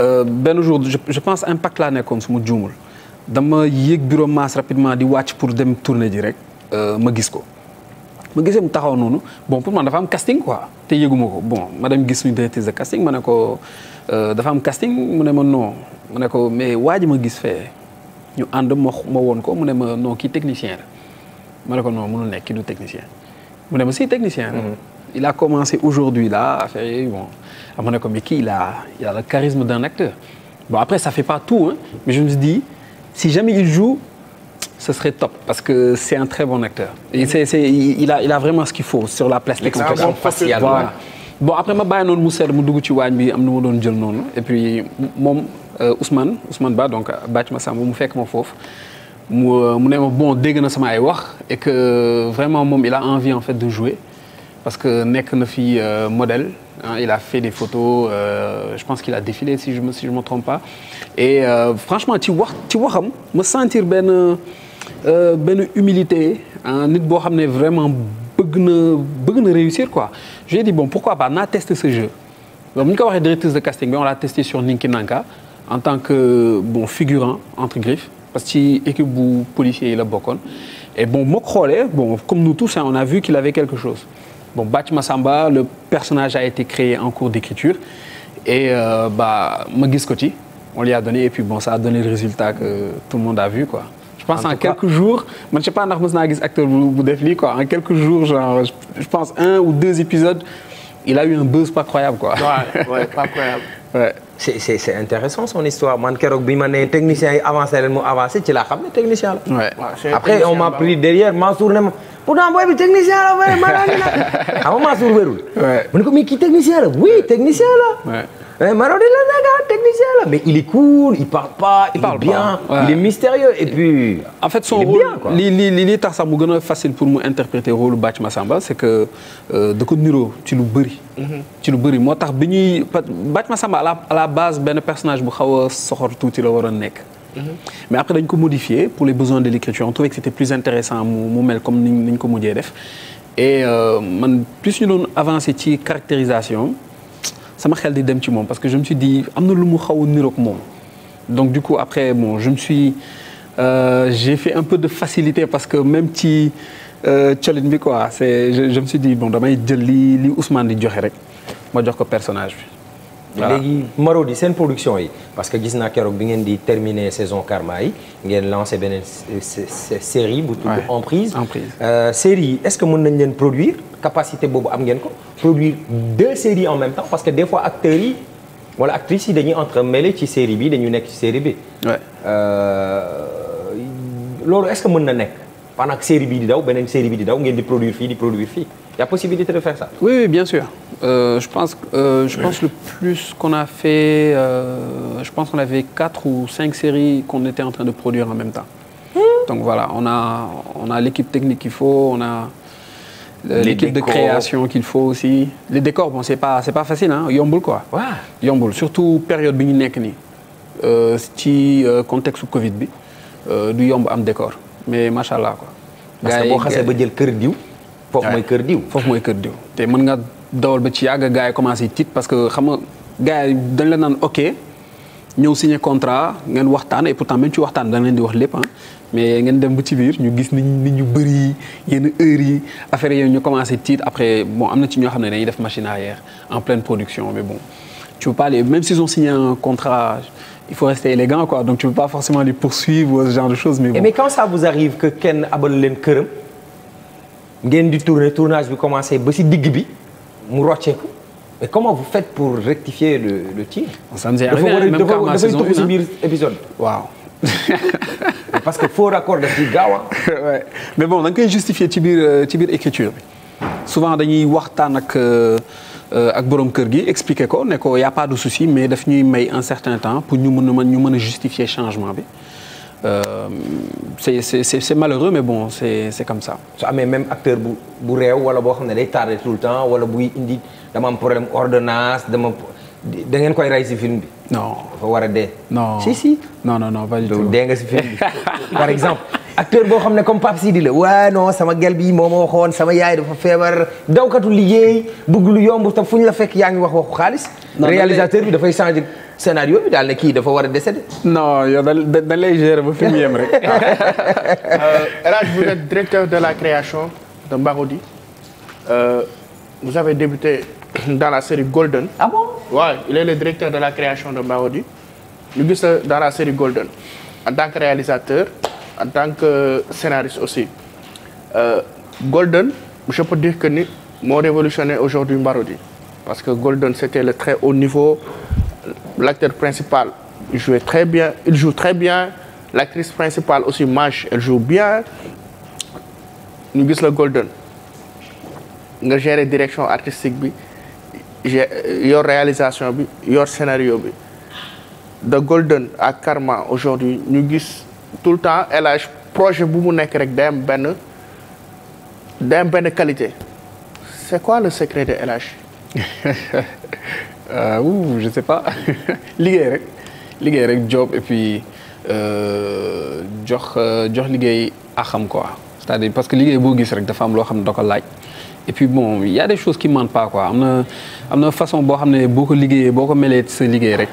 Euh, benn jour je pense impact laa nekkoon su ma juumul dama yéeg bureau masse rapidement di wàcc pour dem tournée ji rek euh, ma gis ko ma gisee mu taxaw noonu bon pour man dafa am casting quoi te yëguma ko bon ma dem gis suñu directrice de casting ma ne ko euh, dafa am casting mu ne ma non ma ne ko mais waa ji ma gis fee ñu ànd ma ma woon ko mu ne ma non kii technicien la ma ne ko non mënul nekk kii du technicien mu ne ma si technicien la mm-hmm. il a commencé aujourd'hui là affaire bon am na ne ko mais kii il a il a le charisme d'un acteur après ça fait pas tout hein mais je me dis si jamais il joue ce serait top parce que c'est un très bon acteur. et c'est c'est il a il a vraiment ce qu'il faut sur la place. l'expression faciale voilà. bon après ma bàyyi noonu mu seetlu mu dugg ci bi am na ma doon jël noonu et puis moom euh, Ousmane Ousmane Ba donc bàcc ma sàmm mu fekk ma foofu. mu euh, mu ne ma bon dégg na sama ay wax et que vraiment moom il a envie en fait de jouer. parce que nekk na fi modèle il a fait des photos euh, je pense qu'il a défilé si je me si je me trompe pas et euh, franchement ci wax ci waxam ma sentir benn euh, benn humilité nit boo xam ne vraiment bëgg na bëgg na réussir quoi j'ai dit bon pourquoi pas naa tester ce jeu donc bu ñu ko waxee directrice de casting bi on l'a testé sur Ninki Nanka en tant que bon figurant entre griffes parce que ci équipe bu policier yi la bokkoon et bon moo ko xoolee bon comme nous tous hein, on a vu qu'il avait quelque chose Bon, Batch Massamba, le personnage a été créé en cours d'écriture. Et euh, bah, Magis Coty, on lui a donné. Et puis, bon, ça a donné le résultat que tout le monde a vu, quoi. Je pense en, en quelques cas, jours, je ne sais pas, Narmos Nagis, acteur Boudefli, En quelques jours, genre, je pense un ou deux épisodes, il a eu un buzz pas croyable, c'est intéressant son histoire man keroog bi ma ne technicien yi avancé leen mu avancé ci la. après on m'a pris derrière Mansour ne ma pourtant booy bi technicien la wala Marodi la. xam nga Mansour mu ne ko mais kii technicien la oui technicien la. mais Marodi la nekk technicien la. mais il est cool il parle pas. il, parle bien il est mystérieux et puis. en fait li li tax sax mu gën a facile pour mu interpréter rôle Bathie Massamba c'est que euh, da ko niroo ci lu bëri. Mhm. ci lu bëri moo tax bi ñuy Bathie Massamba à la à base benn personnage bu xaw a soxor tuuti la waroon nekk. mais après dañ ko modifier pour les besoins de l'écriture on trouvait que c'était plus intéressant mu mu mel comme ni ñu ko mujjee def et euh, man plus ñu doon avancer ci caractérisation sama xel di dem ci moom parce que je me suis dit am na lu mu xaw a niroog moom donc du coup après bon je me suis euh, j'ai fait un peu de facilité parce que même ci euh, colin bi quoi c'est je, je suis dit damay jël li li Ousmane di joxe rek ma jox ko personnage bi Ah. léegi Marodi seen production yi parce que gis naa keroog bi ngeen di terminer saison Karma yi ngeen lancé beneen série bu tudd Emprise euh, série yi est-ce que mën nañ leen produire capacité boobu am ngeen ko produire deux séries en même temps parce que des fois acteurs yi wala actrices yi dañuy entremêlé ci série bi dañu nekk ci série bi euh, loolu est-ce que mën na nekk pendant que série bi di daw beneen série bi di daw ngeen di produire fii di produire fii y a possibilité de faire ça Oui, oui bien sûr. Euh, je pense, euh, je pense le plus qu'on a fait, euh, je pense qu'on avait quatre ou cinq séries qu'on était en train de produire en même temps. Hmm. Donc voilà, on a, on a l'équipe technique qu'il faut, on a l'équipe de création qu'il faut aussi. Les décors, bon, c'est pas, c'est pas facile, hein. Yombul quoi. Ouais. Yombul, surtout période bi ñu nekk nii. Euh, ci euh, contexte Covid bi euh, du yomb am décor mais macha allah quoi. parce que boo xasee ba jël kër diw. foofu mooy kër diw foofu mooy kër diw te mën nga dawal ba ci yàgg gars yi commencé tiit parce que xam nga gars yi dañ la naan ok ñëw signé contrat ngeen waxtaan et pourtant même ci waxtaan da nga leen di wax lépp ah. mais ngeen dem ba ci biir ñu gis nit nit ñu bëri yenn heures yi affaire yooyu ñu commencé tiit après bon am na ci ñoo xam ne dañuy def machine arrière en pleine production mais bon tu peux pas les même s'ils ont signé un contrat il faut rester élégant quoi donc tu peux forcément les poursuivre ou genre de choses ngeen di tourner tournage bi commencé ba si digg bi mu rocceeku mais comment vous faites pour rectifier le le tir. ça nous est arrivé même cas ma saison une épisode. waaw. parce que foo raccord de ciy gaaw a. mais bon da nga koy justifier ci biir euh, ci biir écriture bi souvent dañuy waxtaan ak. Euh, euh, ak borom kër gi expliqué ko ne ko y' a pas de souci mais daf ñuy may un certain temps pour ñu mën a mën ñu mën a justifier changement bi Euh, c'est c'est c'est malheureux mais bon c'est c'est comme ça. su amee même acteur bu bu réew wala boo xam ne day tardé tout le temps wala buy indi dama am problème ordonnance dama da ngeen koy rey ci film bi. non dafa war a dee. non si si. non non non pas du tout dee nga ci film bi par exemple. acteur boo xam ne comme Pape Sidi la waaw non sama gel bi moo ma waxoon sama yaay dafa feebar dawkatu liggéey bëgg lu yomb ta fu ñu la fekk yaa ngi wax waxu xaalis. réalisateur bi dafay changer. scénario bi daal ne kii dafa war a décédé. non yow da da lay ba fi yem rek. Euh, El Hadj vous directeur de la création de Marodi. Euh, vous avez débuté dans la série Golden. ah bon il est le directeur de la création de Marodi. ñu gis la dans la série Golden en tant que réalisateur en tant que scénariste aussi euh, Golden je peux dire que ni moo révolutionné aujourd'hui Marodi parce que Golden c'était le très haut niveau. l'acteur principal jouait très bien, il joue très bien. L'actrice principale aussi, Mange, elle joue bien. ñu gis la Golden nga gérer direction artistique bi yor réalisation bi yor scénario bi de Golden à Karma aujourd'hui ñu gis tout le temps El projet bu mu nekk rek day am benn day benn qualité c'est quoi le secret de El Euh, ouh je sais pas liggéey rek liggéey rek job et euh, jox euh, jox liggéey a xam quoi c'est-à-dire parce que liggéey boo gis rek dafa am loo xam ne da ko laaj et puis bon y a des choses qui mentent pas quoi am na am na façon boo xam ne boo ko liggéeyee boo ko melet sa liggéey rek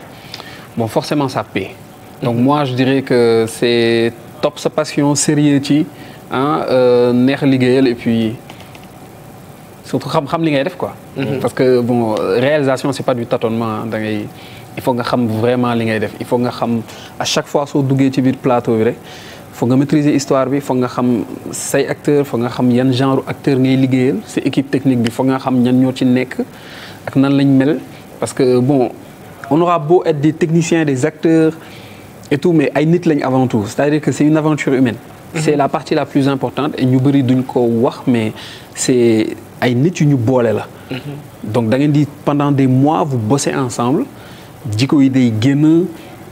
bon forcément ça paie donc mhm. moi je dirais que c'est top sa passion sérieux ci ah neex liggéeyal et puis surtout xam-xam li ngay def quoi. Mhm. parce que bon réalisation c'est pas du tâtonnement da il faut nga xam vraiment li def il faut nga xam à chaque fois soo duggee ci biir plateau bi rek. foog nga bi foog nga xam say acteur foog nga xam yan genre acteur ngay liggéeyal bi foog nga xam ñan ñoo ci nekk ak nan lañ mel parce que bon on aura beau être des techniciens des acteurs et tout mais ay nit lañ avant tout c'est-à-dire que c'est une aventure humaine mhm. c'est la partie la plus importante ñu bëri duñ ko wax mais c'est ay nit yu ñu boole la. Mhm. donc da ngeen di pendant des mois vous bossez ensemble jikko yi day génn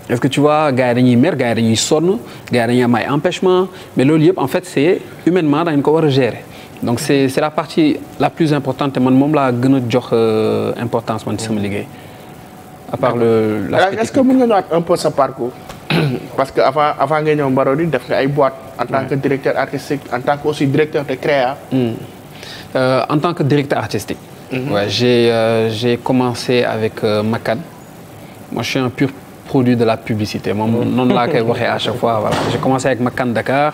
est-ce que tu vois gars yi dañuy mer gars yi dañuy sonn gars dañuy am empêchement mais loolu yëpp en fait c'est humainement da ngeen ko war a gérer. donc c'est la partie la plus importante te man moom laa gën a jox euh, importance man sama mhm. liggéey à part le l'aspect est-ce que mën nga ñëwaat un peu sa parcours. parce que avant avant nga ñëw Marodi def nga ay boîtes. en tant que directeur artistique en tant Euh, en tant que directeur artistique. Mhm. Ouais, j'ai euh, j'ai commencé avec euh, Makan. Moi, je suis un pur produit de la publicité moom mhm. noonu laa koy waxee à chaque fois voilà j'ai commencé avec Makan Dakar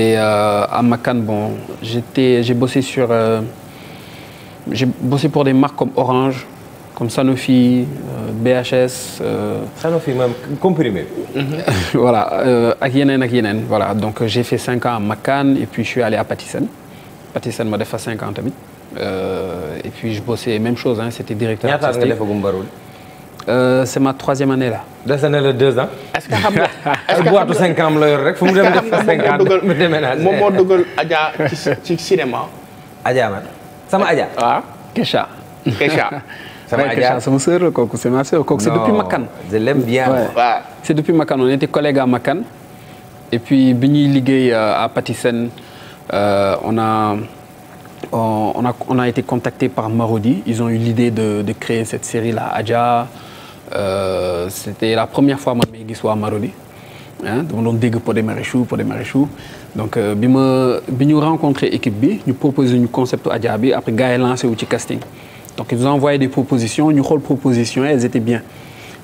et euh, à Makan bon j'étais j'ai bossé sur euh, j'ai bossé pour des marques comme Orange comme Sanofi euh, BHS. Sanofi maanaam comprimé. voilà ak yeneen ak yeneen voilà donc j'ai fait cinq ans à Makan et puis je suis allé à Patisen. Patisen ma def cinquante cinq ans euh, je bossais même chose ah c'était directeur. ñaata at nga euh, c'est ma troisième année là. dese na la deux ans. est-ce que xam nga est-ce que boîte cinq ans la yor rek fu mu dem def fa cinq ans mu déménagé moom moo dugal Adja ci cinéma. Adja man sama Adja. waaw ah, Kesha. sama Adja c'est depuis Makan. c'est depuis Makan on était collègue à Makan et puis bi ñuy liggéey euh, à Patisen. Euh, on a on a on a été contacté par Marodi ils ont eu l'idée de de créer cette série là Adja euh, c'était la première fois man may gis waa Marodi ah dama doon dégg Pod et Marichou Pod et Marichou donc euh, bi ma bi ñu rencontré équipe bi ñu proposé ñu concept Adja bi après gars yi lancé wu ci casting donc ils nous ont envoyé des propositions ñu xool propositions elles étaient bien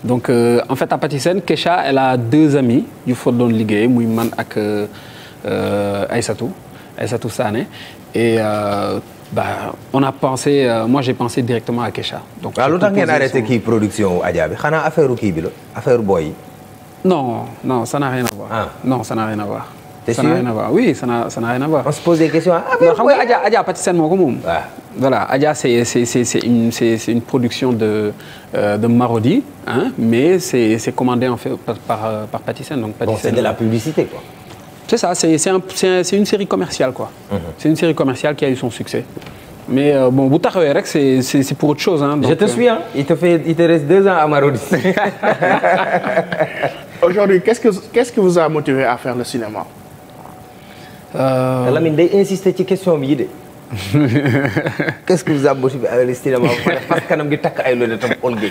donc euh, en fait à Patisen Kesha elle a deux amis yu fa doon liggéey muy man ak Aïssatou Aïssatou Sané. Et euh, bah, on a pensé, euh, moi j'ai pensé directement à Kesha. donc waaw lu tax ngeen arrêté kii production Adja bi xanaa affaire kii bi la affaire booy yi. non non ça n'a rien à voir. ah non ça n'a rien à voir. c'est sûr ça n'a rien à voir oui ça n'a ça n'a rien à voir. on se pose des questions ah, affaire xam nga Adja Adja Patisen moo ko moom. waaw ah. voilà Adja c'est c'est c'est une c'est c'est une production de euh, de Marodi hein mais c'est c'est commandé en fait par par, euh, par Patisen donc. Patisen bon c'est de la euh, publicité quoi. c'est ça c'est c'est un, c'est une série commerciale quoi. Mmh. c'est une série commerciale qui a eu son succès. mais euh, bon bu taxawee rek c'est c'est c'est pour autre chose hein. donc je te euh, suis hein il te fait il te reste deux ans à Marodi. aujourd'hui qu'est-ce que qu'est-ce qui vous a motivé à faire le cinéma. Euh, Lamine day insister ci question bi yi de. qu'est-ce que vous a motivé à faire le cinéma parce que kanam gi takk ay loolu itam ol gi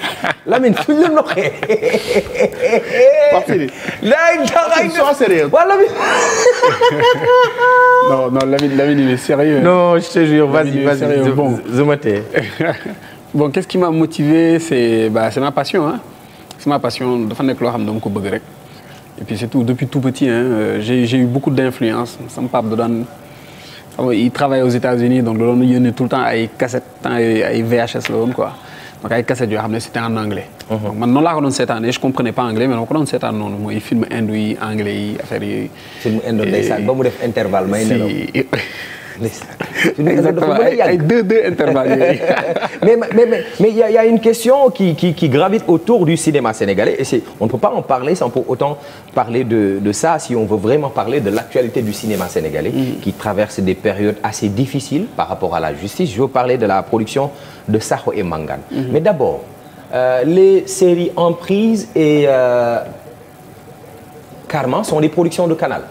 Lamine suñ la noqee. Papsidi. day dangay sois sérieux. wala bi. non non Lamine Lamine il est sérieux. non je te jure vas-y vas-y bon Zoumaté. bon qu'est-ce qui m'a motivé c'est ma passion hein. c'est ma passion dafa nekk loo xam ne dama ko bëgg rek. et puis surtout depuis tout petit hein euh, j'ai j'ai eu beaucoup d'influence sama pap da daan il travaille aux États-Unis donc da doon yónnee tout le temps ay cassettes ay ay VHS la woon quoi. donc ay cassette yoo xam ne c'était en anglais. Mhm. donc man noonu laa ko doon seetaanee je comprenais pas anglais mais dama ko doon seetaan noonu mooy film indo yi anglais yi affaire yooyu. film indo ba mu def intervalle a nelaw Exactement, ay deux deux intervalles yooyu. mais mais mais mais y a y a une question qui qui qui gravite autour du cinéma sénégalais et c'est on ne peut pas en parler sans pour autant parler de de ça si on veut vraiment parler de l'actualité du cinéma sénégalais. Mm. qui traverse des périodes assez difficiles par rapport à la justice je veux parler de la production de Sakho et Mangane. Mm. mais d'abord euh, les séries Emprise et euh, Karma sont des productions de Canal.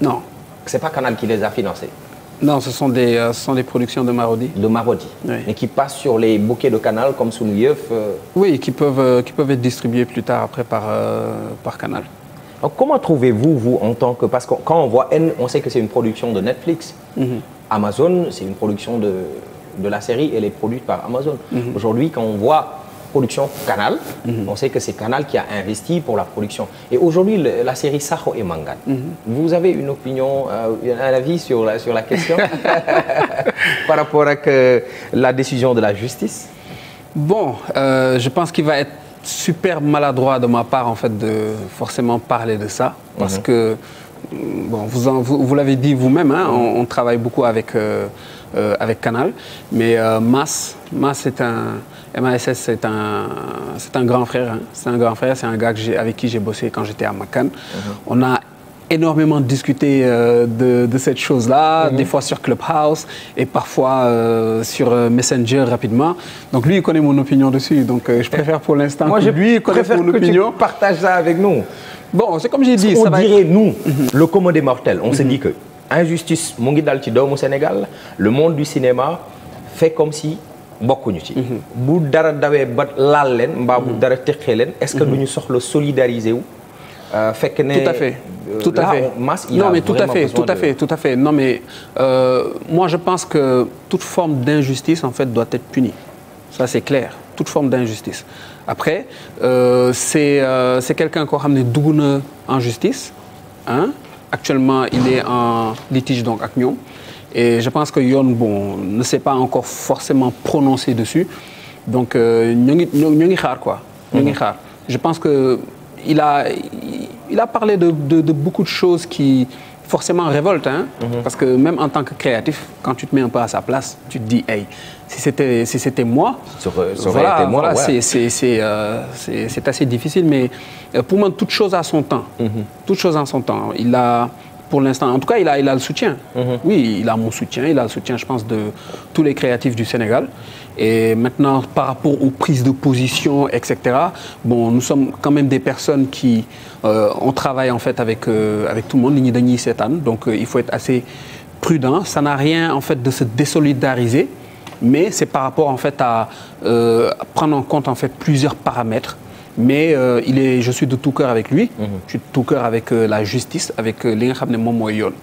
non c'est pas Canal qui les a financées. Non, ce sont des, euh, ce sont des productions de Marodi. De Marodi, oui. mais qui passent sur les bouquets de Canal comme sous Yeuf. Euh... Oui, qui peuvent, euh, qui peuvent être distribués plus tard après par, euh, par Canal. Alors, comment trouvez-vous, vous, en tant que... Parce que quand on voit N, on sait que c'est une production de Netflix. Mm -hmm. Amazon, c'est une production de, de la série, elle est produite par Amazon. Mm -hmm. Aujourd'hui, quand on voit production Canal. Mm -hmm. On sait que c'est Canal qui a investi pour la production. Et aujourd'hui, la série Saho et Mangan. Mm -hmm. Vous avez une opinion, euh, un avis sur la, sur la question par rapport à que la décision de la justice Bon, euh, je pense qu'il va être super maladroit de ma part, en fait, de forcément parler de ça. Parce mhm. que bon, vous, en, vous, vous l'avez dit vous-même, hein, on, on, travaille beaucoup avec, euh, euh, avec Canal, mais euh, MAS, MAS est un, MASS, c'est un, c'est un grand frère. Hein. C'est un grand frère, c'est un gars que avec qui j'ai bossé quand j'étais à Macan. Mm -hmm. On a énormément discuté euh, de, de, cette chose-là, mm -hmm. des fois sur Clubhouse et parfois euh, sur euh, Messenger rapidement. Donc lui, il connaît mon opinion dessus, donc euh, je eh, préfère pour l'instant que lui connaisse mon que opinion. Tu partages ça avec nous. bon c'est comme j'ai dit. ça va être on dirait nous. Mhm. le commun des mortels on se mhm. dit que injustice mu ngi dal ci doomu Sénégal le monde du cinéma fait comme si. bokkuñu ci. Mhm. bu dara dawee ba laal leen. mbaa bu dara teqee leen. est-ce que du ñu soxla solidariser wu. Euh, fekk ne tout à fait euh, tout à fait masse non mais tout à fait tout à fait tout à fait non mais euh, moi je pense que toute forme d'injustice en fait doit être punie ça c'est clair toute forme d'injustice après euh, c'est euh, c'est quelqu'un koo xam ne dugg na en justice ah actuellement il est en litige donc ak ñoom et je pense que yoon bon ne s'est pas encore forcément prononcé dessus donc euh, ñu ngi ñu ngi xaar quoi. ñu ngi mm-hmm. xaar je pense que il a il a parlé de de de beaucoup de choses qui. forcément révolte, hein, mm -hmm. parce que même en tant que créatif, quand tu te mets un peu à sa place, tu te dis, hey, si c'était si c'était moi, ça aurait, ça aurait voilà, été moi, voilà, ouais. c'est euh, assez difficile, mais euh, pour moi, toute chose a son temps, mm -hmm. toute chose a son temps. Il a pour l'instant. En tout cas, il a, il a le soutien. Mm -hmm. Oui, il a mon soutien. Il a le soutien, je pense, de tous les créatifs du Sénégal. Et maintenant, par rapport aux prises de position, etc., bon, nous sommes quand même des personnes qui... Euh, on travaille en fait avec, euh, avec tout le monde, l'Igni cette année. Donc, euh, il faut être assez prudent. Ça n'a rien en fait de se désolidariser, mais c'est par rapport en fait à euh, prendre en compte en fait plusieurs paramètres mais euh, il est je suis de tout cœur avec lui. Mhm. je suis de tout cœur avec euh, la justice avec euh, li nga xam ne moom mooy yoon.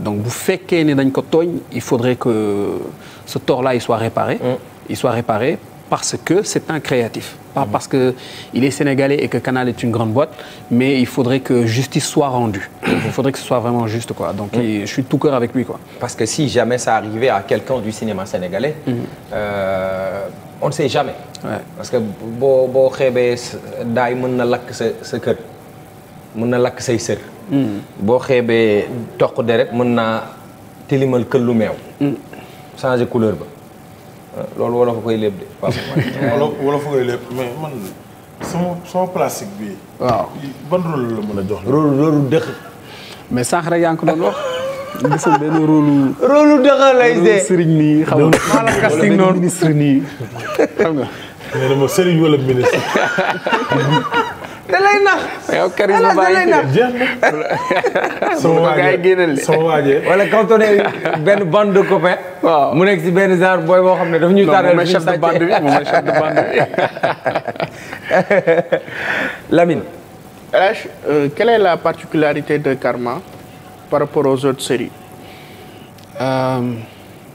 donc bu fekkee ne dañ ko tooñ il faudrait que ce tort-là il soit réparé. Mhm. il soit réparé parce que c'est un créatif. pas mhm. parce que il est sénégalais et que Canal est une grande boîte mais il faudrait que justice soit rendue. il faudrait que ce soit vraiment juste quoi donc il, je suis tout cœur avec lui quoi. parce que si jamais ça arrivait à quelqu'un du cinéma sénégalais. Euh, on ne sait jamais. parce que boo boo xeebee daay mën na lakk sa sa kër mën na lakk say sër. Hmm. boo xeebee toq deret mën naa tilimal këllu meew. Hmm. changer couleur ba euh, loolu wolof a koy lépp de. wolof a koy lépp mais man sama sama plastique bi. waaw ban rôle la mën a jox. rôle rôle dëkk. mais sànq rek yaa ngi ko gisul benn rôle. rôle dëgg lay dee sëriñ nii xam nga. maanaam casting noonu ministre nii xam sëriñ wala ministre. da lay nax. yow Karim ma bàyyi sama waajee sama waajee wala kaw benn bande de copains. mu nekk si benn genre booy boo xam ne daf ñuy tànnal. moom chef de bande bi moom chef de bande bi. Lamine. Euh, quelle est la particularité de Karma. par rapport aux autres séries euh,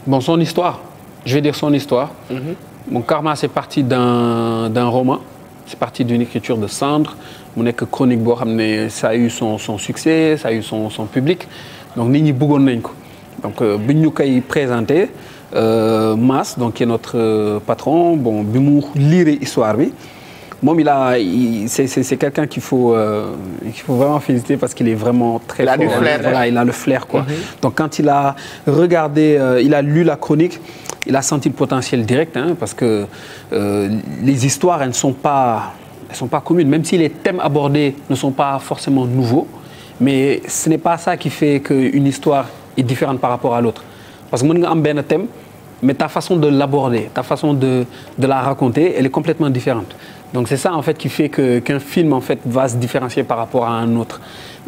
Bon, son histoire. Je vais dire son histoire. Mm -hmm. Mon karma, c'est parti d'un roman. C'est parti d'une écriture de cendre. Mon que chronique, ça a eu son, son, succès, ça a eu son, son public. Donc, Nini Bougonenko. Donc, euh, Binyukai présenté, euh, Mas, donc, qui est notre euh, patron, bon, Bimour, lire l'histoire, oui. moom il a c'est c'est quelqu'un qu'il faut euh, qu'il faut vraiment féliciter parce qu'il est vraiment très il a fort, du flair, voilà, ouais. il a le flair quoi. Mm -hmm. Donc quand il a regardé euh, il a lu la chronique, il a senti le potentiel direct hein, parce que euh, les histoires elles ne sont pas elles sont pas communes même si les thèmes abordés ne sont pas forcément nouveaux, mais ce n'est pas ça qui fait qu'une histoire est différente par rapport à l'autre. Parce que mën nga am benn thème mais ta façon de l'aborder, ta façon de de la raconter, elle est complètement différente. Donc c'est ça en fait qui fait que qu'un film en fait va se différencier par rapport à un autre.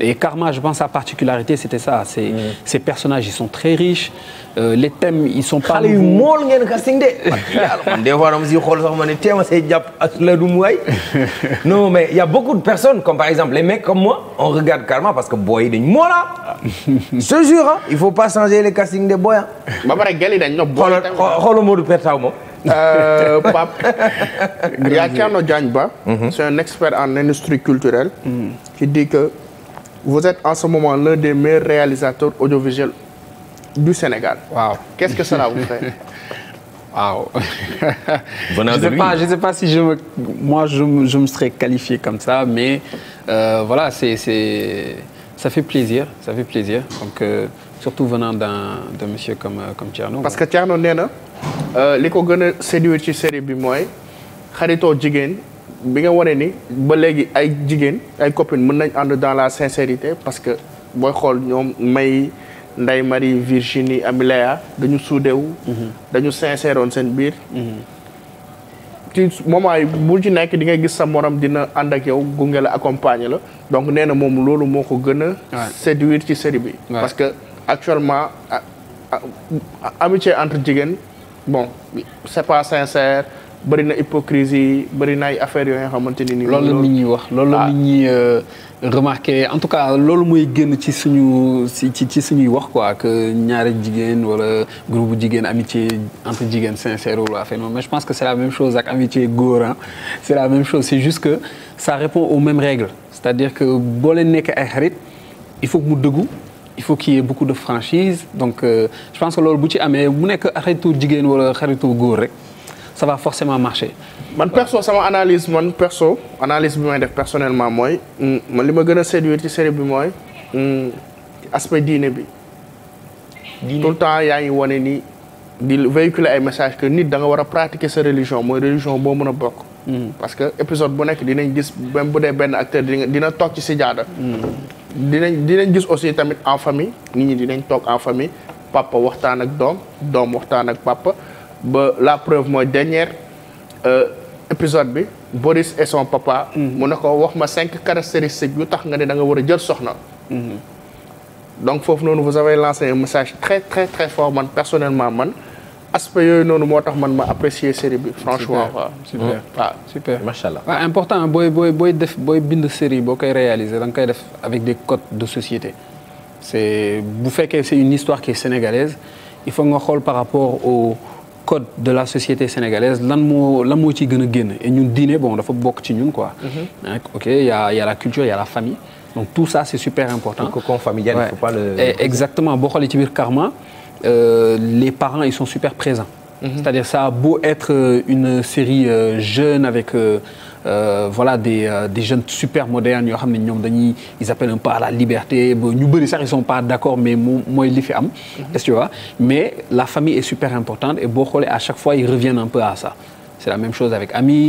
Et Karma, je pense, sa particularité c'était ça. C'est mm. ces personnages ils sont très riches. Euh, les thèmes ils sont pas. xale yu mool ngeen casting de. man des fois dama siy xool sax ma ne téema see jàpp la du mu waay. non mais il y a beaucoup de personnes comme par exemple les mecs comme moi on regarde Karma parce que boy yi dañ moola. Ah. je jure ah, il faut pas changer les casting des boy ah. ba pare gàll yi dañ ñoo boy xoolal xoolal Modou Pertaw moom. Euh, Pape il y a Thierno Diagne Ba mhm. c'est un expert en industrie culturelle mhm. qui dit que vous êtes en ce moment l'un des meilleurs réalisateurs audiovisuels du Sénégal waaw qu'est-ce que cela vous fait waaw je sais pas je sais pas si je me moi je je me serais qualifié comme ça mais euh, voilà c'est c'est ça fait plaisir ça fait plaisir donc euh, surtout venant d'un de monsieur comme euh, comme Thierno parce que Thierno nee na Euh, li ko gën a séduire ci série bi mooy xaritoo jigéen bi nga wane ni ba léegi ay jigéen ay copines mën nañ ànd dans la sincérité parce que booy xool ñoom May Ndeye Marie Virginie Amiléa dañu suudew mhm. dañu sincère woon seen biir mhm. ci moom yi bu ci nekk di ngay gis sa morom dina ànd ak yow gunge la accompagner la donc nee na moom loolu moo ko gën a séduire ci série bi parce que actuellement amitié entre jigéen bon c'est pas sincère bëri na hypocrisie bëri na ay affaires yoo xamante ni. loolu la nit ñi wax loolu la ah. nit ñi euh, remarqué en tout cas loolu mooy génn ci suñu ci ci suñuy wax quoi que ñaari jigéen wala groupe bu jigéen amitié entre jigéen sincère wala affaire mais je pense que c'est la même chose ak amitié góor ah c'est la même chose c'est juste que ça répond aux mêmes règles c'est-à-dire que boo leen nekk ay xarit il faut que mu dëggu. il faut qu'il y ait beaucoup de franchise donc euh, pense que loolu bu ci amee bu nekk xaritu jigéen wala xaritu góor rek sa va forcément marché man perso sama analyse man perso analyse bi may def personnellement mooy mm, man li ma gën a séduire ci série bi mooy mm, aspect diine bi. diine tout le yaa ngi wane ni di véhiculer ay message que nit da nga war a pratiquer sa religion mooy religion boo mën a bokk. Mm. parce que épisode bu nekk dinañ gis même bu dee benn acteur dina toog ci si jaada. dinañ dinañ gis aussi tamit en famille nit ñi dinañ toog en famille papa waxtaan ak doom doom waxtaan ak papa ba la preuve mooy dernière euh, épisode bi Boris et son papa. Mm-hmm. mu ne ko wax ma cinq caractéristiques yu tax nga ne da nga war a jël soxna. Mm-hmm. donc foofu noonu vous avez lancé un message très très fort man personnellement man. aspect yooyu noonu moo tax man ma apprécier série bi franchement waaw super super macha allah important booy booy booy def bind série boo koy réaliser da nga koy def avec des codes de société c'est bu fekkee c'est une histoire qui sénégalaise il faut nga xool par rapport au code de la société sénégalaise lan moo lan moo ci gën a génn et ñun dine bon dafa bokk ci ñun quoi mm-hmm. ok il y a il y la culture il la famille donc tout ça c'est super important cocon familial exactement boo xoolee ci biir karma euh, les parents, ils sont super présents. Mm -hmm. C'est-à-dire, ça a beau être euh, une série euh, jeune avec euh, euh voilà, des, des, jeunes super modernes, ils appellent un peu à la liberté. Nous, ils ne sont pas d'accord, mais moi, il fait. Tu vois mais la famille est super importante et à chaque fois, ils reviennent un peu à ça. C'est la même chose avec Ami.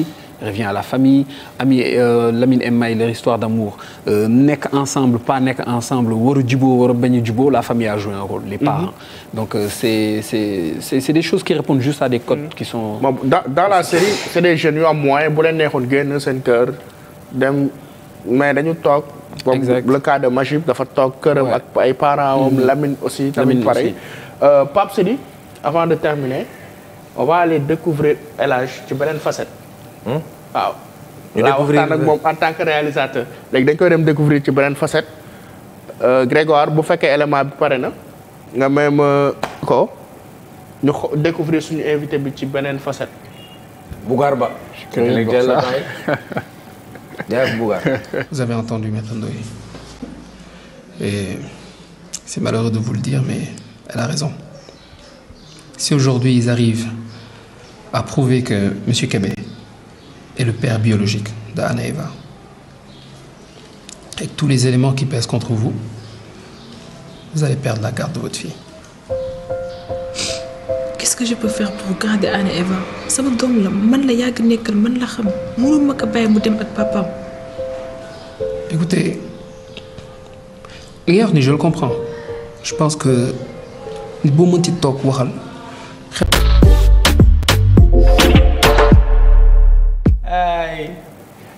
revient à la famille ami euh, Lamine et May leur histoire d'amour euh, nekk ensemble pas nekk ensemble war a war a bañ a juboo la famille a joué un rôle les parents mhm. donc euh, c'est c'est c'est des choses qui répondent juste à des codes mhm. qui sont dans la série c'est des jeunes yu am moyen bu leen neexoon génn seen kër dem mais dañu toog comme le cas de Majib dafa toog këram ak ay parents am mhm. Lamine aussi tamit pareil Pape Sidi avant de terminer on va aller découvrir El Hadj ci beneen facette Hmm? waaw. ñu découvrir nag ak moom en tant que réalisateur. léegi dañ koy dem découvrir ci beneen facette. Euh, Grégoire bu fekkee élément bi pare na. nga may ma ko. ñu découvrir suñu invité bi ci beneen facette. Bougar Ba. Bougar. Vous avez entendu Maître Ndoye. Et c'est malheureux de vous le dire, mais elle raison. Si aujourd'hui ils arrivent à prouver que Monsieur Kébé est le père biologique d'Anna Eva. Avec tous les éléments qui pèsent contre vous, vous allez perdre la garde de votre fille. Qu'est-ce que je peux faire pour garder Anna Eva sama doom la man la yàgg nekkal man la xam mënuma ko bàyyi mu dem ak papaam. Écoutez, Yéen ni je le comprends je pense que boo mënti toog waxal.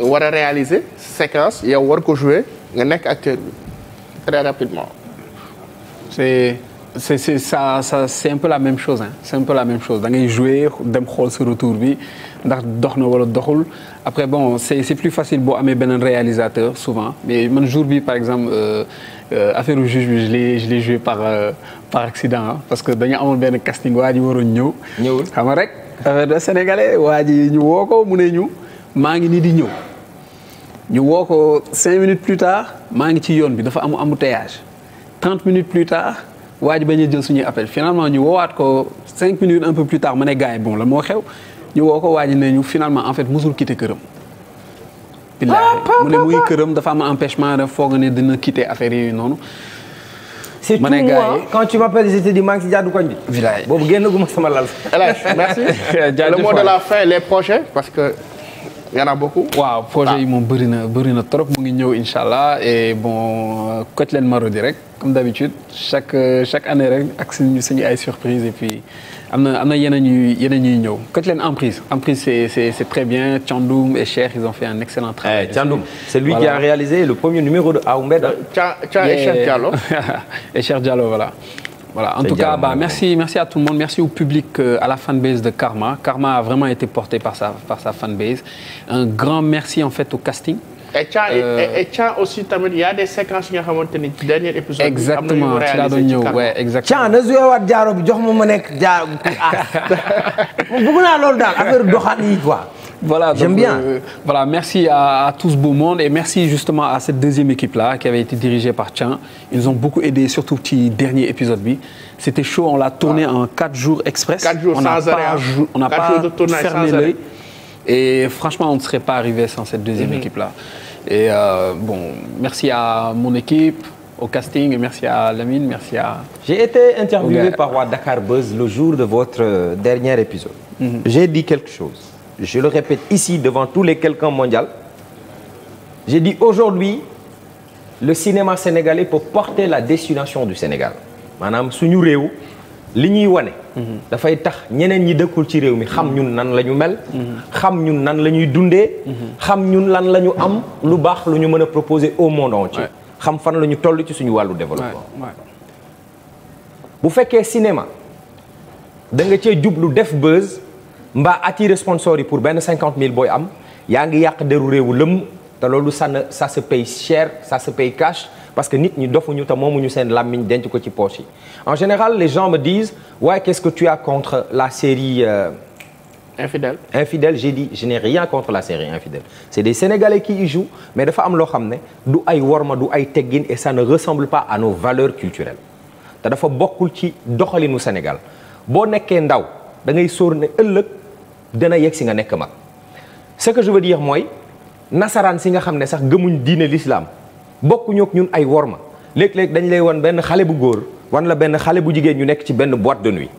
war a réaliser séquence yow war ko jouer nga nekk acteur bi très rapidement. c'est c'est c'est ça ça c'est un peu la même chose c'est un peu la même chose da ngay jouer dem xool sa retour bi ndax dox na wala doxul après bon c'est plus facile boo amee beneen réalisateur souvent mais man jour bi par exemple euh, euh, affaire au juge bi je l'ai je par euh, par accident hein, parce que dañu amoon benn casting waa ji waroon ñëw. ñëwul xam nga rek affaire de sénégalais waa ji ñu woo ko mu ne ñu. maa ngi nii di ñëw ñu woo ko cinq minutes plus tard maa ngi ci yoon bi dafa amu embouteillage trente minutes plus tard waa ba bañ jël suñuy appel finalement ñu woowaat ko cinq minutes un peu plus tard ma ne gars yi bon la moo xew ñu woo ko waa ji ne ñu finalement en fait musul quitter këram. billaahi ah, mu ne këram dafa am empêchement daf foog ne dina quitter affaire yooyu noonu. c'est tout moi quand tu m'appelles je te dis maa ngi si jàddu koñ bi. boobu génn gu ma sama lal. merci. le mot que. y'en a beaucoup. waaw projet yi ah. moom bëri na bëri na trop mu ngi ñëw incha allah et bon euh, coach leen Marodi rek comme d'habitude chaque euh, chaque année rek ak suñu suñu ay surprise et puis am na am na yeneen ñuy yeneen ñuy ñëw coach leen Emprise Emprise c'est c'est c'est très bien Thiandoum et Cheikh ils ont fait un excellent eh, travail. Thiandoum c'est lui qui a réalisé le premier numéro de Aoumbed. Thian Thian et Cheikh Diallo. et Cheikh Diallo voilà. Voilà, en tout cas, bah, euh, merci, merci à tout le monde, merci au public, euh, à la fanbase de Karma. Karma a vraiment été porté par sa, par sa fanbase. Un grand merci en fait au casting. et Thian et Thian euh, aussi tamit y a des séquences yi nga xamante ni ci dernier épisode. exactement ci laa doon ñëw ouais exactement. Thian na joué waat jaaro bi jox ma ma nekk jaaro ah bëgg naa loolu daal affaire doxaan yi quoi. Voilà, j'aime bien. Euh, voilà, merci à, à, tout ce beau monde et merci justement à cette deuxième équipe-là qui avait été dirigée par Tian. Ils ont beaucoup aidé, surtout petit dernier épisode B. C'était chaud, on l'a tourné voilà. en 4 jours express. 4 jours on sans arrêt. Pas, on n'a pas jours de fermé l'œil. Et franchement, on ne serait pas arrivé sans cette deuxième mm -hmm. équipe-là. Et euh, bon, merci à mon équipe, au casting, et merci à Lamine, merci à... J'ai été interviewé par Dakar Buzz le jour de votre euh, dernier épisode. Mm -hmm. J'ai dit quelque chose. Je le répète ici devant tous les quelqu'un mondial. J'ai dit aujourd'hui, le cinéma sénégalais peut porter la destination du Sénégal. Madame Sounou li ñuy wane. Mhm. dafay tax ñeneen ñi dëkkul ci réew mi xam mhm. ñun nan la ñu mel. Mhm. xam ñun nan la ñuy dundee. xam ñun lan la ñu am lu baax lu ñu mën a proposer au monde entier. xam fan la ñu toll ci suñu wàllu développement. bu fekkee cinéma da nga cee jublu def buzz mbaa attirer sponsor yi pour benn cinquante mille booy am yaa ngi yàq deru réewu lëmm te loolu ça ne sa pay paye cher sa se paye cash. parce que nit ñi dofuñu te moomuñu seen làmmiñ denc ko ci poche yi en général les gens me disent waaye ouais, qu'est-ce que tu as contre la série euh... infidèle infidèle j'ai dit je n'ai rien contre la série infidèle c'est des sénégalais qui y jouent mais dafa am loo xam ne du ay ma du ay teggin et ça ne ressemble pas à nos valeurs culturelles te dafa bokkul ci doxalinu Sénégal boo nekkee ndaw da ngay sóor ne ëllëg dana yegg si nga nekk mag ce que je veux dire mooy nasaraan si nga xam ne sax gëmuñ diine l'islam bokkuñu ak ñun ay worma léeg-léeg dañ lay wan benn xale bu góor wan la benn xale bu jigéen ñu nekk ci benn boîte de nuit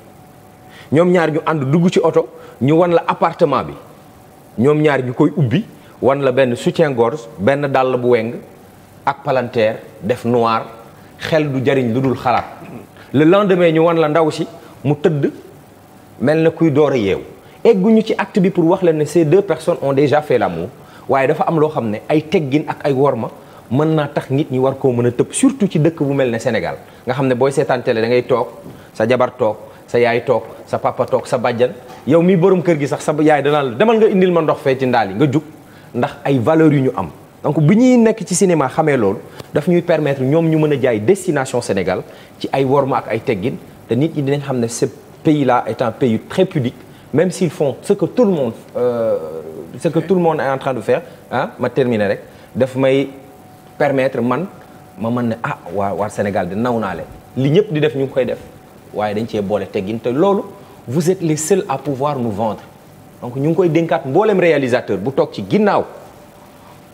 ñoom ñaar ñu ànd dugg ci oto ñu wan la appartement bi ñoom ñaar ñu koy ubbi wan la benn soutien-gorge benn dàll bu weng ak palanteer def noir xel du jariñ lu dul xalaat le lendemain ñu wan la ndaw si mu tëdd mel na kuy door a yeewu egguñu ci acte bi pour wax leen ne ces deux personnes ont déjà fait waaye dafa am loo xam ne ay teggin ak ay mën naa tax nit ñi war koo mën a tëb surtout ci dëkk bu mel ne Sénégal nga xam ne booy seetaan télé da toog sa jabar toog sa yaay toog sa papa toog sa bàjjan yow mi borom kër gi sax sa yaay danaa demal nga indil ma ndox fee ci ndaal yi nga jug ndax ay valeur yu ñu am donc bi ñuy nekk ci cinéma xamee loolu daf ñuy permettre ñoom ñu mën a jaay destination Sénégal ci ay worma ak ay teggin te nit ñi dinañ xam ne ce pays la est un pays très pudique même s'ils font ce que tout le monde euh, ce que tout le monde est en train de rek permettre man ma man ne ah waa waa Sénégal di naw naa leen li ñëpp di def ñu ngi koy def waaye dañ cee boole teggin te loolu vous êtes les seuls à pouvoir nous vendre donc ñu ngi koy dénkaat mboolem réalisateur bu toog ci ginnaaw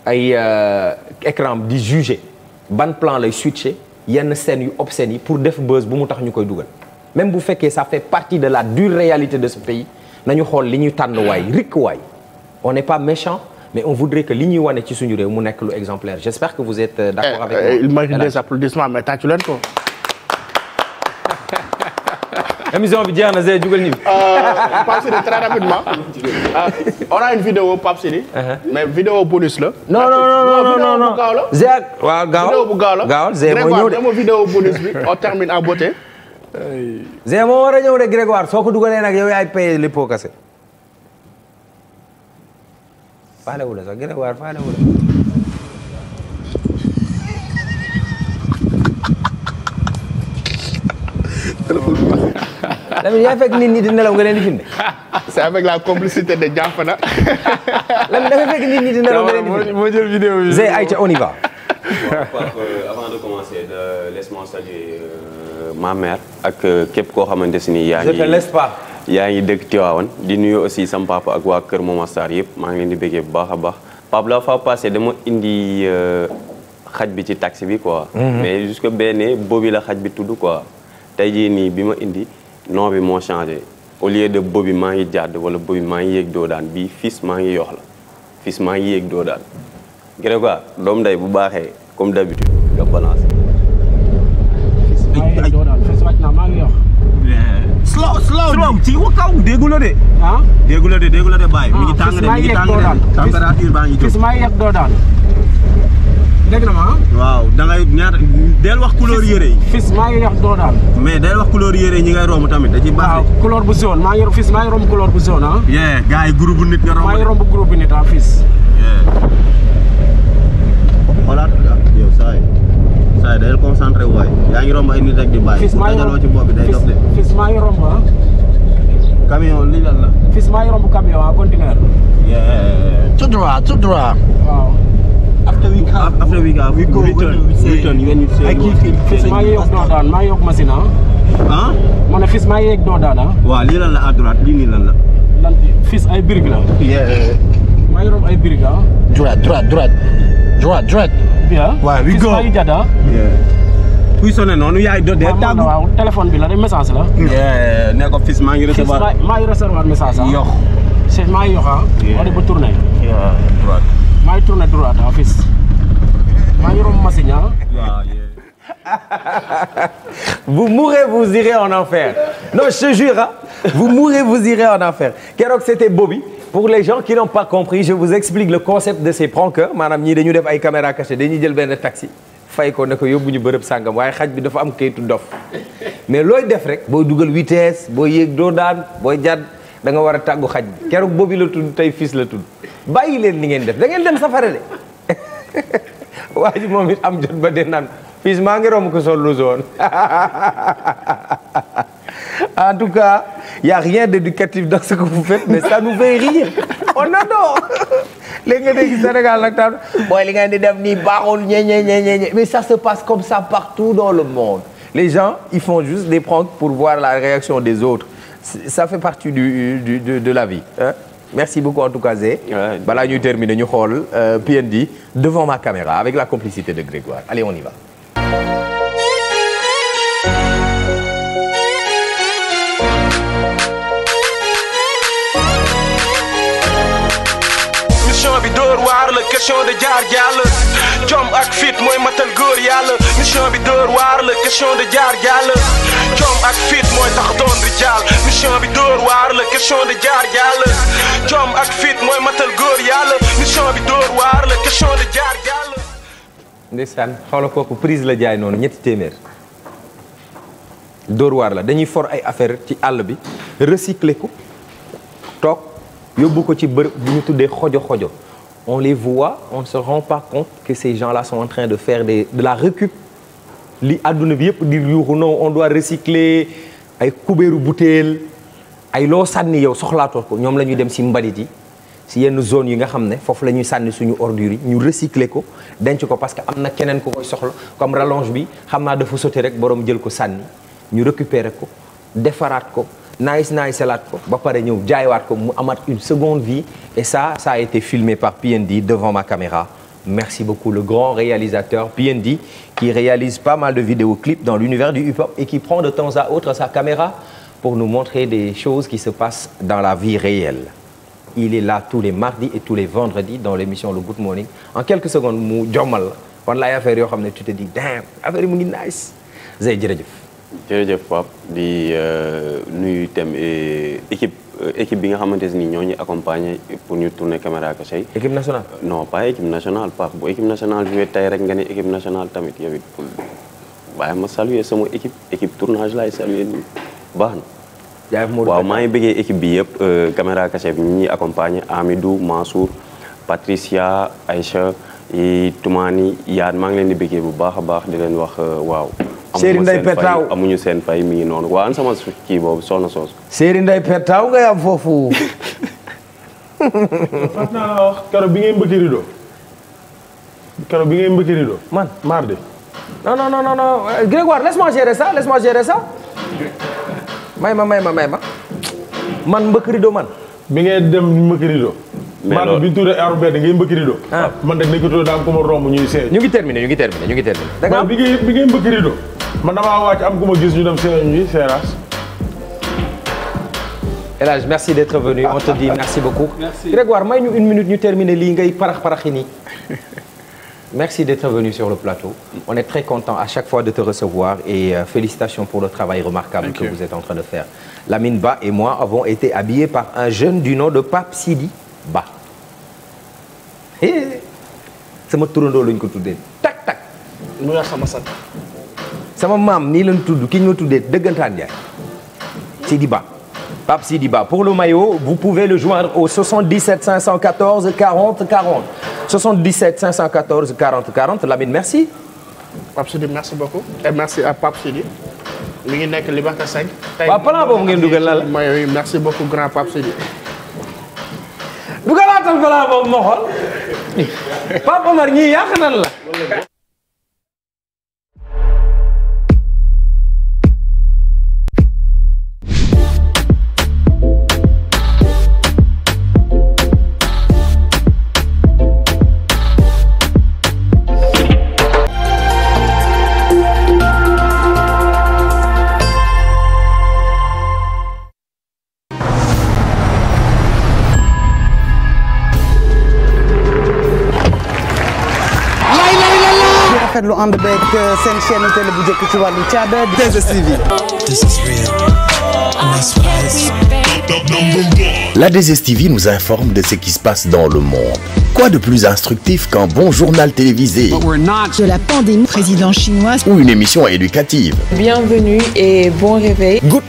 ay euh, écran di juger ban plan lay switché yenn scènes yu obscènes yi pour def buzz bu mu tax ñu koy dugal même bu fekkee ça fait partie de la dure réalité de ce pays nañu xool li ñuy tànn waay rikk waay on n'est pas méchant mais on voudrait que li ñuy wane ci suñu réew mu nekk lu exemplaire j'espère que vous êtes euh, d'accord avec eh, eh, moi. il manque des applaudissements mais tàccu leen ko. émission bi jeex na Zé jugal ñu. Euh, Pape Sidi très rapidement. Euh, on a une vidéo Pape Sidi. Uh-huh. mais vidéo bonus la. non non non non non non gaaw la. Zé ak waaw gaaw vidéo bu gaaw la. gaaw Zé mooy ñëw de Grégoire vidéo bonus bi on termine en beauté. Zé moo war a ñëw de Grégoire soo ko dugalee nag yow yaay paye léppoo kase. faale wu la sax gën a waar faale wu la Lamine yaa fekk nit ñi di nelaw nga leen di filmé. c'est avec la complicité de Diafana. Lamine dafa fekk nit ñi di nelaw nga leen di filmé moo jël vidéo bi. Zé Aïcha on y va. avant de commencer laisse-moi saluer euh, ma mère. ak euh, képp koo xamante ne nii yaa ngi. je te laisse pas. yaa ngi dëkk Tiwaawan di nuyu aussi sama papa ak waa Kër Momar Sarr yëpp maa ngi leen di béggee bu baax a baax Pape la fa passé dama indi euh, xaj bi ci taxi bi quoi. Mhm. mais jusque benn boobi la xaj bi tudd quoi tey jii nii bi ma indi nom bi moo changé au lieu de boobi maa ngi jàdd wala boobi maa ngi yéeg doo daan bii fils maa ngi yox la fils maa ngi yéeg doo daan. Grégoire doom day bu baaxee comme d'habitude nga balancé. slow slow slow ci kaw déggu la de. ah déggu de déggu de mi ngi ah, tàng de mi ngi tàng de température baa ngi jóg. gis maa yegg doo daan. dégg na ma ah? waaw da ngay ñaata del wax couleur yére yi. fis maa ngi yegg doo daan. mais del wax couleur yére yi ñi gay romb tamit da ci baax. bu zone maa ngi yor fis maa ngi romb couleur bu zone ah. yee gars yi groupe bu nit nga romb. maa bu nit ah fis. Ah, saa yi day concentré wooy yaa ngi romb ay nit rek di bàyyi. fis maa ngi romb ci bopp bi day dox de. fis maa ngi romb ah. camion lii lan la. fis maa ngi romb camion ah conteneur. tout droit tout droit. waaw. after we come after we come we go return return ngeen ñu see. fis maa ngi yokk noo daan maa ngi yokk machine ah. ah. ma ne fis maa ngi yegg noo daan ah. waaw lii lan la à droite lii nii lan la. lan fis ay briques la. maa ngi romb ay briques ah. droite droite droite droite droite. bien waaw we go fii jada kuy sonné noonu yaay dodee. tàggu waaw téléphone bi la de message la. nee ko fils maa ngi recevoir maa ngi recevoir message ah. yox c'est maa ngi yox ah. wala ba tourné. droite. maa ngi tourné droite ah fils. maa ngi romb Massi ah. Niang. vous mourrez vous irez en enfer non je te jure ah. vous mourrez vous irez en enfer keroog c'était Bobby. pour les gens qui n'ont pas compris je vous explique le concept de ces prankers maanaam ñii dañu def ay caméra cachée dañuy jël benn taxi fay ko ne ko yóbbu ñu bërëb sàngam waaye xaj bi dafa am kayitu dof mais looy def rek booy dugal vitesse boo yéeg doo daan booy jàdd da nga war a tàggu xaj bi keroog boobu la tudd tey fils la tudd bàyyi leen ni ngeen def da ngeen dem safara de waa ji moom am jot ba de naan fils maa ngi romb ko sol lu zone en tout cas y a rien d'éducatif dans ce que vous faites mais ça nous fait rire on adore léegi nga dégg Sénégal nag tam booy li ngeen di def nii baaxul ñe ñe ñe ñe mais ça se passe comme ça partout dans le monde les gens ils font juste des pranks pour voir la réaction des autres ça fait partie du, du de, de la vie hein? merci beaucoup en tout cas Zé. balaa ñuy terminer ñu xool euh, PND devant ma caméra avec la complicité de Grégoire allez on y va. doy waar la question de jaar jàll jom ak fit mooy matal góor yàlla mission bi doy waar la question de jaar jàll jom ak fit mooy tax doon di jaal mission bi doy waar la question de jaar jàll jom ak fit mooy matal góor yàlla mission bi doy waar la question de jaar jàll. ndeysaan xoola kooku prise la jaay noonu ñetti téeméer. dóor waar la dañuy for ay affaire ci àll bi recycler ko toog yóbbu ko ci bërëb bu ñu tuddee xojo xojo on les voit on ne se rend pas compte que ces gens-là sont en train de faire des de la récup li àdduna bi yëpp di yuuxu non on doit recycler ay kubéeru butéel ay loo sànni yow soxlaatoo ko ñoom la ñuy dem si mbalit yi si yenn zone yi nga xam ne foofu la ñuy sànni suñu ordures yi ñu recycler ko denc ko parce que am na keneen ko koy soxla comme rallonge bi xam naa dafa sote rek borom jël ko sànni ñu récupérer ko defaraat ko nice nice salaat ko ba pare ñëw jaaywaat ko mu amaat une seconde vie et ça ça a été filmé par PND devant caméra merci beaucoup le grand réalisateur PND qui réalise pas mal de vidéoclips dans l'univers du hip-hop et qui prend de temps à autre sa caméra pour nous montrer des choses qui se passent dans la vie réelle il est là tous les mardis et tous les vendredis dans l'émission le Good Morning en quelques secondes mu jommal la wan yoo xam ne tu te dis mu ngi nice jërëjëf jërëjëf Pape di euh, nuyu itam euh, équipe euh, équipe bi nga xamante ni ñoo ñu accompagner pour ñu tourner caméra ca équipe nationale. no pas équipe nationale Pape bu équipe nationale joué tey rek nga ne équipe nationale tamit yow it bàyyi ma saluer sama équipe équipe tournage laay saluer nii baax na. waaw maa ngi bëggee équipe bi yëpp caméra cachée bi ñu ñuy accompagner Amidou Mansour Patricia Aïcha yi Toumani Yaan maa ngi leen di bëggee bu baax a baax di leen wax waaw. Séeri nday Pertaw amuñu seen fay mi ngi noonu waa an sama kii boobu soxna soosu. Séeri Ndeye Pertaw ngay am foofu. fas naa la wax bi ngay mbëkki rido keroog bi ngay mbëkki rido man mardi. non non non non non Grégoire laisse-moi gérer ça laisse-moi gérer may ma may ma may ma. man mbëkk rido man. bi ngay dem mbëkk rido. mais loolu bi ñu tuddee aar benn ngay mbëkk rido. Ah. man de nekkatoo daa ko ma romb ñuy seet. ñu ngi terminé ñu ngi terminé ñu bi ngay bi ngay man damaa wàcc am ku ma gis ñu dem sëriñ bi Seras. El Hadj merci d'être venu on te dit merci beaucoup. Grégoire may ñu une minute ñu terminer lii ngay parax paraxi nii. Merci d'être venu sur le plateau. On est très content à chaque fois de te recevoir et euh, félicitations pour le travail remarquable okay. que vous êtes en train de faire. Lamine Ba et moi avons été habillés par un jeune du nom de Pape Sidi Ba. sama turandoo lañ ko tuddee. tak tak. mu yàq sama sama maam nii lañ tudd ki ñu ma tuddee dëggantaan Ndiaye Sidi Ba Pape Sidi Ba pour le maillot vous pouvez le joindre au 77 514 40 40 77 514 40 40 Lamine merci. Pape Sidi merci beaucoup et merci à Pape Sidi. mi ngi nekk Liberté 5. tey waaw plan boobu ngeen dugal lan la maillot yi merci beaucoup grand Pape Sidi. dugalaatal seen chaîne télé bu njëkk ci wàllu La 2STV nous informe de ce qui se passe dans le monde. Quoi de plus instructif qu'un bon journal télévisé? De la pandémie, président chinoise. Ou une émission éducative. Bienvenue et bon réveil. Good